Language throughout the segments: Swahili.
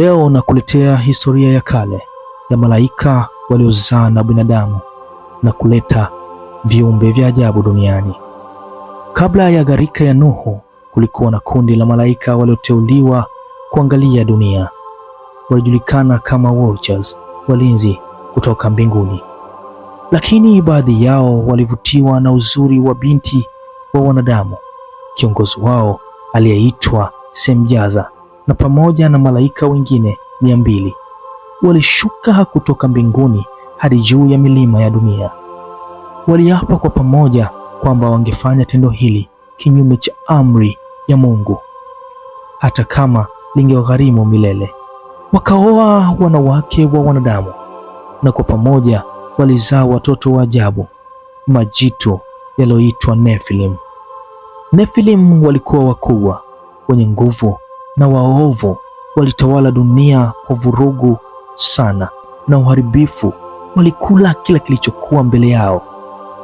Leo nakuletea historia ya kale ya malaika waliozaa na binadamu na kuleta viumbe vya ajabu duniani. Kabla ya gharika ya Nuhu, kulikuwa na kundi la malaika walioteuliwa kuangalia dunia. Walijulikana kama watchers, walinzi kutoka mbinguni. Lakini baadhi yao walivutiwa na uzuri wa binti wa wanadamu, kiongozi wao aliyeitwa Semjaza na pamoja na malaika wengine mia mbili walishuka kutoka mbinguni hadi juu ya milima ya dunia. Waliapa kwa pamoja kwamba wangefanya tendo hili kinyume cha amri ya Mungu, hata kama lingewagharimu milele. Wakaoa wanawake wa wanadamu, na kwa pamoja walizaa watoto wa ajabu, majitu yaliyoitwa Nephilim. Nephilim walikuwa wakubwa, wenye nguvu na waovu walitawala dunia kwa vurugu sana na uharibifu. Walikula kila kilichokuwa mbele yao,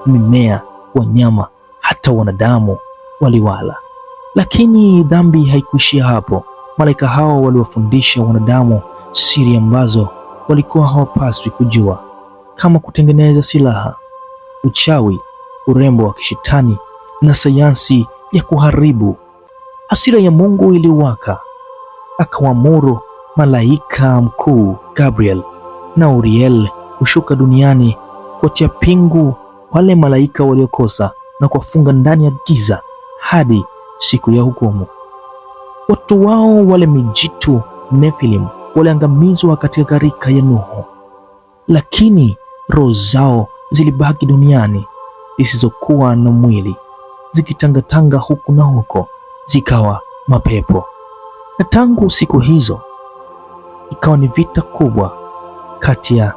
mimea, wanyama, hata wanadamu waliwala. Lakini dhambi haikuishia hapo. Malaika hao waliwafundisha wanadamu siri ambazo walikuwa hawapaswi kujua, kama kutengeneza silaha, uchawi, urembo wa kishetani na sayansi ya kuharibu Hasira ya Mungu iliwaka, akawamuru malaika mkuu Gabriel na Uriel kushuka duniani kuwatia pingu wale malaika waliokosa na kuwafunga ndani ya giza hadi siku ya hukumu. Watu wao wale mijitu Nephilim waliangamizwa katika gharika ya Nuhu, lakini roho zao zilibaki duniani zisizokuwa na mwili zikitangatanga huku na huko zikawa mapepo, na tangu siku hizo ikawa ni vita kubwa kati ya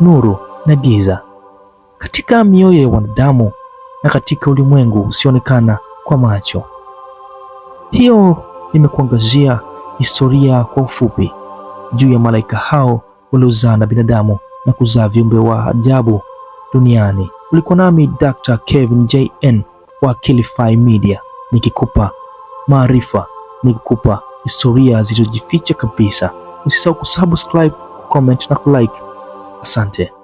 nuru na giza katika mioyo ya wanadamu na katika ulimwengu usionekana kwa macho. Hiyo nimekuangazia historia kwa ufupi juu ya malaika hao waliozaa na binadamu na kuzaa viumbe wa ajabu duniani. Ulikuwa nami Dr. Kevin JN wa Kilify Media nikikupa maarifa, nikikupa historia zilizojificha kabisa. Usisahau kusubscribe, comment na kulike. Asante.